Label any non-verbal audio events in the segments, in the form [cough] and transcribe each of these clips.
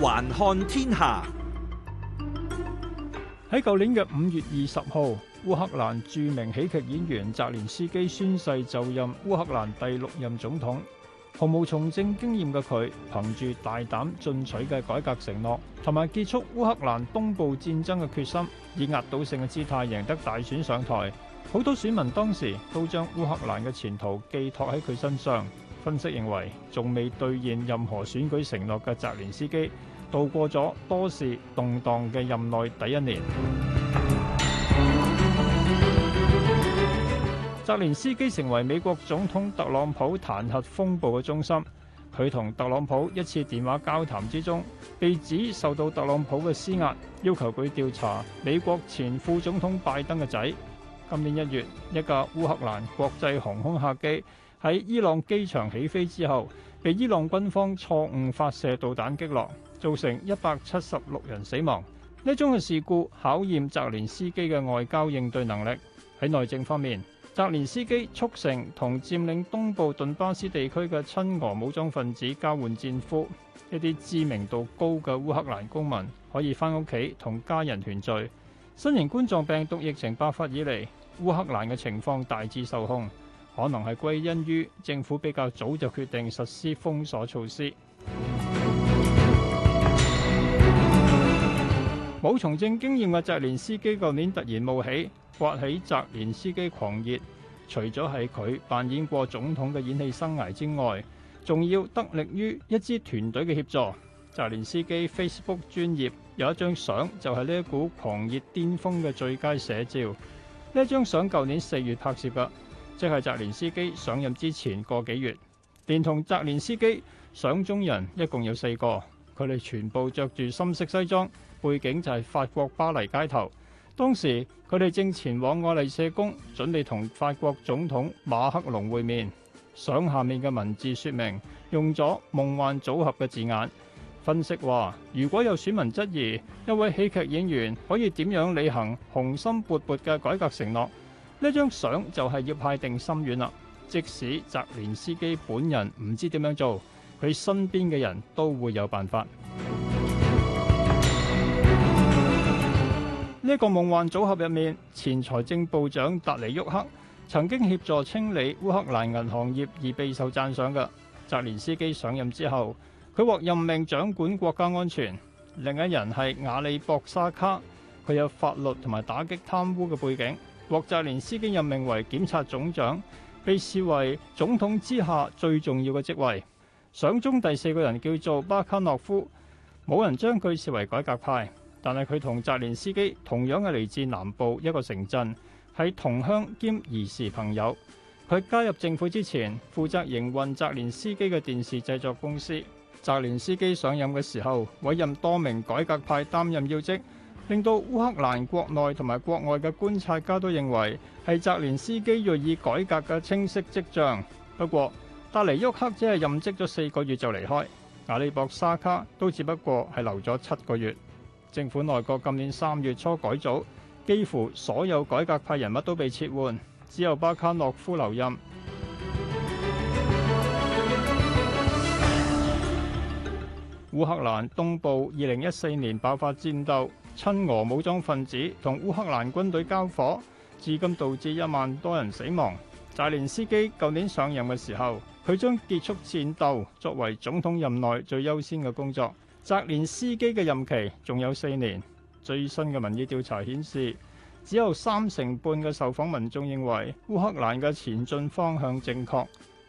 環看天下在。喺舊年嘅五月二十號，烏克蘭著名喜劇演員澤連斯基宣誓就任烏克蘭第六任總統。毫無從政經驗嘅佢，憑住大膽進取嘅改革承諾，同埋結束烏克蘭東部戰爭嘅決心，以壓倒性嘅姿態贏得大選上台。好多選民當時都將烏克蘭嘅前途寄託喺佢身上。分析認為，仲未兌現任何選舉承諾嘅澤連斯基度過咗多事動盪嘅任內第一年。澤連斯基成為美國總統特朗普彈劾風暴嘅中心。佢同特朗普一次電話交談之中，被指受到特朗普嘅施壓，要求佢調查美國前副總統拜登嘅仔。今年一月，一架烏克蘭國際航空客機喺伊朗機場起飛之後，被伊朗軍方錯誤發射導彈擊落，造成一百七十六人死亡。呢宗嘅事故考驗澤連斯基嘅外交應對能力。喺內政方面，澤連斯基促成同佔領東部頓巴斯地區嘅親俄武裝分子交換戰俘，一啲知名度高嘅烏克蘭公民可以翻屋企同家人團聚。新型冠狀病毒疫情爆發以嚟，烏克蘭嘅情況大致受控，可能係歸因於政府比較早就決定實施封鎖措施。冇從 [music] 政經驗嘅澤連斯基，舊年突然冒起，颳起澤連斯基狂熱，除咗係佢扮演過總統嘅演戲生涯之外，仲要得力於一支團隊嘅協助。澤連斯基 Facebook 專頁有一張相，就係呢一股狂熱巔峰嘅最佳寫照。呢張相舊年四月拍攝嘅，即係澤連斯基上任之前個幾月。連同澤連斯基，相中人一共有四個，佢哋全部着住深色西裝，背景就係法國巴黎街頭。當時佢哋正前往愛麗舍宮，準備同法國總統馬克龍會面。相下面嘅文字說明用咗夢幻組合嘅字眼。分析話：如果有選民質疑一位喜劇演員可以點樣履行雄心勃勃嘅改革承諾，呢張相就係要派定心丸啦。即使澤連斯基本人唔知點樣做，佢身邊嘅人都會有辦法。呢個夢幻組合入面，前財政部長達尼沃克曾經協助清理烏克蘭銀行業而備受讚賞嘅澤連斯基上任之後。佢獲任命掌管國家安全。另一人係瓦利博沙卡，佢有法律同埋打擊貪污嘅背景。獲澤連斯基任命為檢察總長，被視為總統之下最重要嘅職位。相中第四個人叫做巴卡諾夫，冇人將佢視為改革派，但係佢同澤連斯基同樣係嚟自南部一個城鎮，係同鄉兼兒時朋友。佢加入政府之前，負責營運澤連斯基嘅電視製作公司。澤連斯基上任嘅時候，委任多名改革派擔任要職，令到烏克蘭國內同埋國外嘅觀察家都認為係澤連斯基銳意改革嘅清晰跡象。不過達尼沃克只係任職咗四個月就離開，阿利博沙卡都只不過係留咗七個月。政府內閣今年三月初改組，幾乎所有改革派人物都被撤換，只有巴卡諾夫留任。烏克蘭東部二零一四年爆發戰鬥，親俄武裝分子同烏克蘭軍隊交火，至今導致一萬多人死亡。澤連斯基舊年上任嘅時候，佢將結束戰鬥作為總統任內最優先嘅工作。澤連斯基嘅任期仲有四年。最新嘅民意調查顯示，只有三成半嘅受訪民眾認為烏克蘭嘅前進方向正確。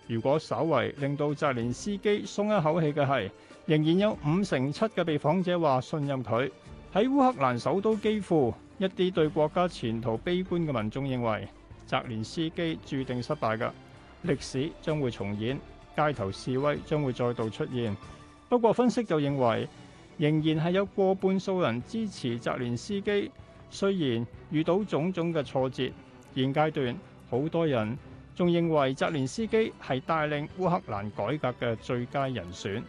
如果稍為令到澤連斯基鬆一口氣嘅係，仍然有五成七嘅被訪者話信任佢。喺烏克蘭首都基輔，一啲對國家前途悲觀嘅民眾認為，澤連斯基注定失敗嘅，歷史將會重演，街頭示威將會再度出現。不過分析就認為，仍然係有過半數人支持澤連斯基，雖然遇到種種嘅挫折，現階段好多人，仲認為澤連斯基係帶領烏克蘭改革嘅最佳人選。